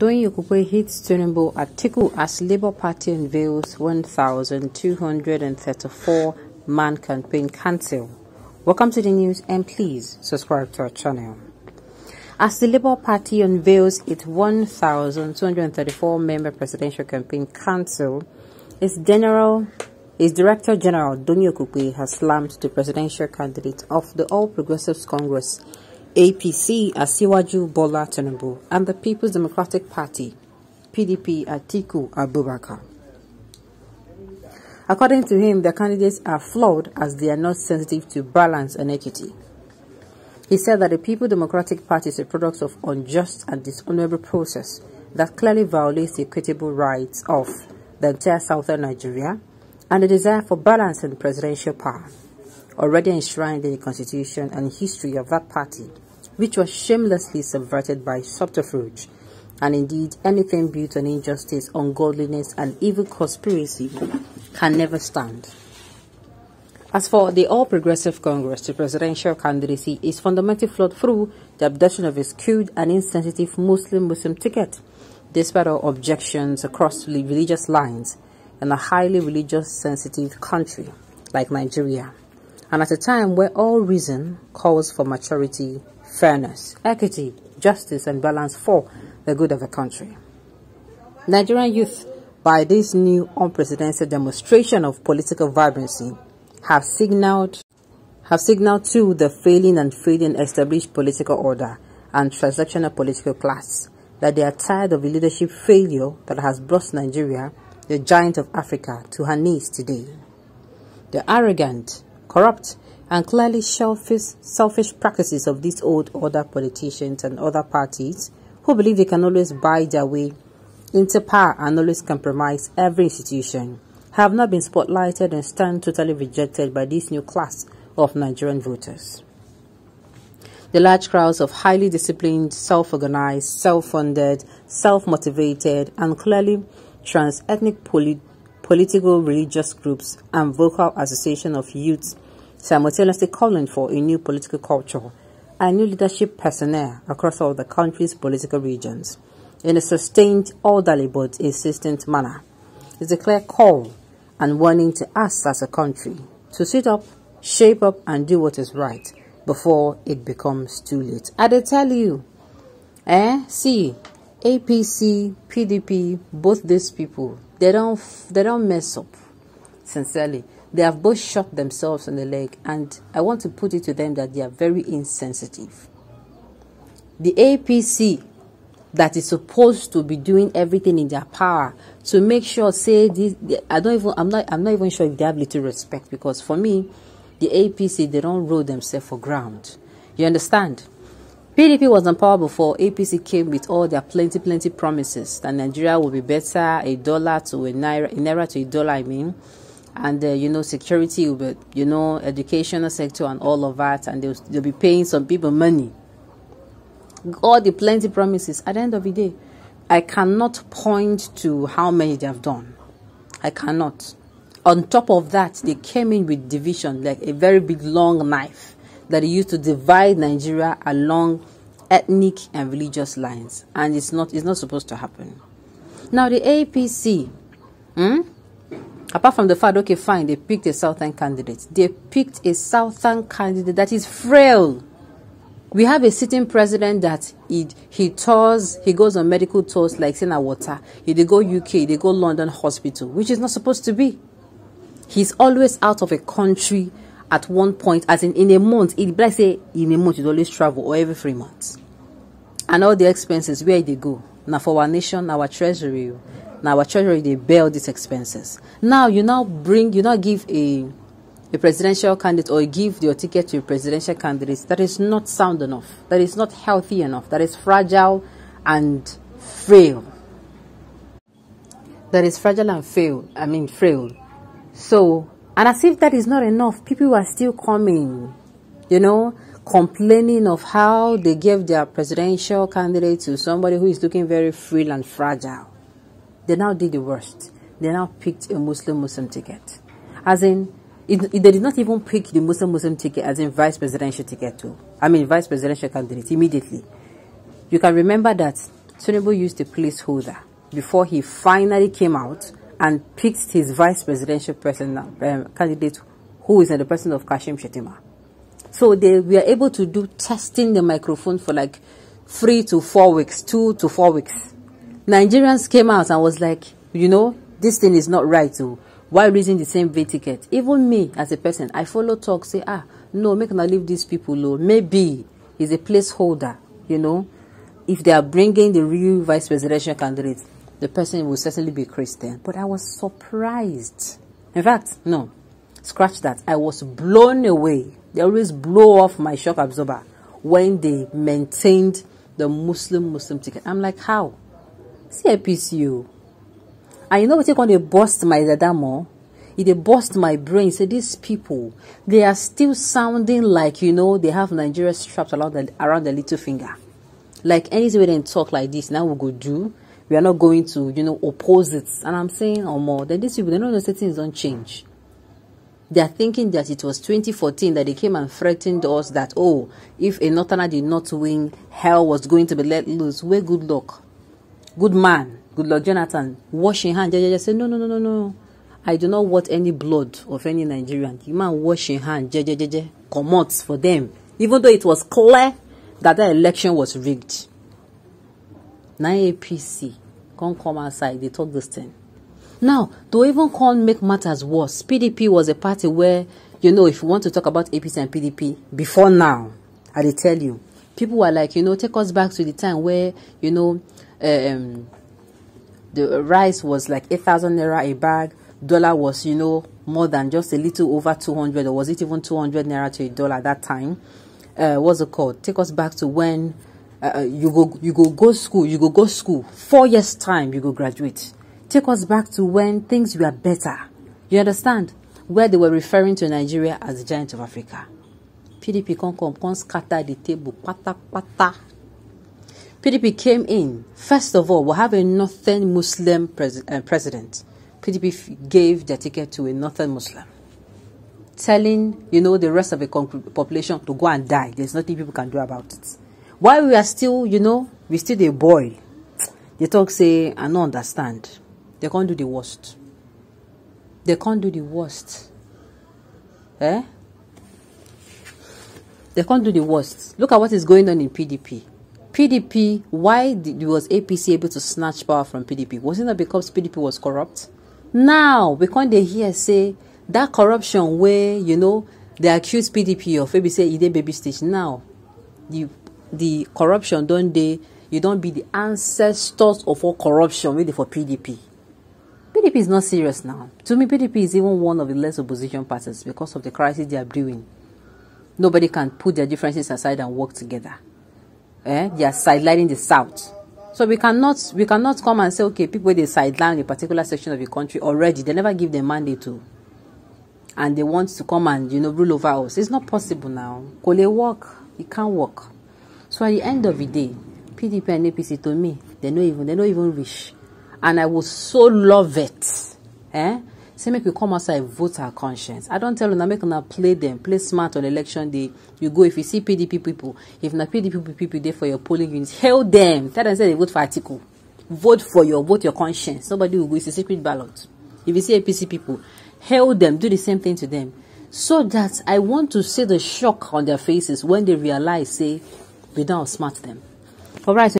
Donyekwukwe hits Turnbull article as Labour Party unveils 1,234-man campaign cancel. Welcome to the news and please subscribe to our channel. As the Labour Party unveils its 1,234-member presidential campaign council, its general, its Director General Donyekwukwe has slammed the presidential candidate of the All Progressives Congress APC Asiwaju Bola Tinubu and the People's Democratic Party PDP Atiku Abubakar. According to him, the candidates are flawed as they are not sensitive to balance and equity. He said that the People's Democratic Party is a product of unjust and dishonorable process that clearly violates the equitable rights of the entire southern Nigeria and the desire for balance in presidential power, already enshrined in the constitution and history of that party which was shamelessly subverted by subterfuge. And indeed, anything built on injustice, ungodliness, and evil conspiracy can never stand. As for the All Progressive Congress, the presidential candidacy is fundamentally flawed through the abduction of a skewed and insensitive Muslim Muslim ticket, despite all objections across religious lines in a highly religious sensitive country like Nigeria, and at a time where all reason calls for maturity fairness, equity, justice, and balance for the good of the country. Nigerian youth, by this new unprecedented demonstration of political vibrancy, have signaled have signaled to the failing and failing established political order and transactional political class that they are tired of the leadership failure that has brought Nigeria, the giant of Africa, to her knees today. The arrogant, corrupt, and clearly selfish, selfish practices of these old order politicians and other parties who believe they can always buy their way into power and always compromise every institution have not been spotlighted and stand totally rejected by this new class of Nigerian voters. The large crowds of highly disciplined, self-organized, self-funded, self-motivated, and clearly trans-ethnic polit political religious groups and vocal association of youths simultaneously calling for a new political culture and new leadership personnel across all the country's political regions in a sustained, orderly, but insistent manner. It's a clear call and warning to us as a country to sit up, shape up, and do what is right before it becomes too late. I did tell you, eh? See, APC, PDP, both these people, they don't, they don't mess up, sincerely. They have both shot themselves in the leg, and I want to put it to them that they are very insensitive. The APC that is supposed to be doing everything in their power to make sure say this i don't even i'm not i'm not even sure if they have little respect because for me the apc they don't roll themselves for ground you understand pdp was in power before apc came with all their plenty plenty promises that nigeria will be better a dollar to a naira a naira to a dollar i mean and uh, you know security but you know educational sector and all of that and they'll, they'll be paying some people money all the plenty promises at the end of the day i cannot point to how many they have done i cannot on top of that they came in with division like a very big long knife that used to divide nigeria along ethnic and religious lines and it's not it's not supposed to happen now the apc hmm? apart from the fact, okay, fine, they picked a southern candidate. They picked a southern candidate that is frail. We have a sitting president that he, he tours, he goes on medical tours like Sena Water. He they go UK, they go London hospital, which is not supposed to be. He's always out of a country at one point, as in in a month. It bless say in a month he always travel or every three months. And all the expenses, where they go. Now for our nation, our treasury, now our treasury they bear these expenses. Now you now bring you now give a a presidential candidate or give your ticket to a presidential candidate that is not sound enough, that is not healthy enough, that is fragile and frail. That is fragile and frail. I mean frail. So and as if that is not enough, people are still coming, you know, complaining of how they gave their presidential candidate to somebody who is looking very frail and fragile. They now did the worst. They now picked a Muslim Muslim ticket. As in, it, it, they did not even pick the Muslim Muslim ticket as in vice presidential ticket too. I mean, vice presidential candidate immediately. You can remember that Tinubu used a placeholder before he finally came out and picked his vice presidential person, um, candidate, who is in the person of Kashim Shetima. So they were able to do testing the microphone for like three to four weeks, two to four weeks. Nigerians came out and was like, you know, this thing is not right. So oh. why raising the same V ticket? Even me as a person, I follow talk, say, ah, no, make not leave these people low. Oh. Maybe is a placeholder, you know. If they are bringing the real vice presidential candidate, the person will certainly be Christian. But I was surprised. In fact, no, scratch that. I was blown away. They always blow off my shock absorber when they maintained the Muslim Muslim ticket. I'm like, how? see apc and you know what they're going to burst my Zadamo? They e burst my brain say these people, they are still sounding like you know they have nigeria strapped around their little finger like anything didn't talk like this, now we go do we are not going to you know oppose it and i'm saying oh, more, then dis pipo dem no know say things don change they are thinking that it was 2014 that they came and threatened us that oh if a northerner did not win hell was going to be let loose where well, good luck good man, good Lord Jonathan, washing hand, jejeje, say, no, no, no, no, no. I do not want any blood of any Nigerian. You man washing hand, jejejeje, commot for them. Even though it was clear that the election was rigged. Now APC can come outside, they talk this thing. Now, to even can make matters worse, PDP was a party where, you know, if you want to talk about APC and PDP, before now, I tell you, people were like, you know, take us back to the time where, you know, um, the rice was like 8,000 naira a bag. Dollar was, you know, more than just a little over 200, or was it even 200 naira to a dollar that time? Uh, what's it called? Take us back to when uh, uh, you go you go go school, you go go school. Four years time, you go graduate. Take us back to when things were better. You understand? Where they were referring to Nigeria as the giant of Africa. PDP can come, can scatter the table, pata pata. PDP came in. First of all, we have a northern Muslim pres- uh, president. PDP f- gave their ticket to a northern Muslim, telling you know the rest of the con- population to go and die. There's nothing people can do about it. While we are still, you know, we still a boy. They talk say I don't understand. They can't do the worst. They can't do the worst. Eh? They can't do the worst. Look at what is going on in PDP. PDP, why did, was APC able to snatch power from PDP? Wasn't that because PDP was corrupt? Now, we can they hear say that corruption where, you know, they accuse PDP of maybe say e baby stage. Now, the the corruption not they? you don't be the ancestors of all corruption really for PDP. PDP is not serious now. To me, PDP is even one of the less opposition parties because of the crisis they are brewing. Nobody can put their differences aside and work together. eh, they are sidelining the south so we cannot we cannot come and say okay people they sideline a particular section of the country already they never give them mandate to and they want to come and you know rule over us it's not possible now kò lè work it can't work so at the end of the day PDP and APC to me they no even they no even reach and I would so love it eh say make we come outside vote our conscience i don't tell you una make una play them, play smart on election day you go if you see pdp people, if na pdp people there for your polling units, hail them. tell them say they vote for article vote for your vote your conscience nobody will go it's a secret ballot if you see apc people, hail them, do the same thing to them, so that i want to see the shock on their faces when they realize say we don't don't smart them. All right.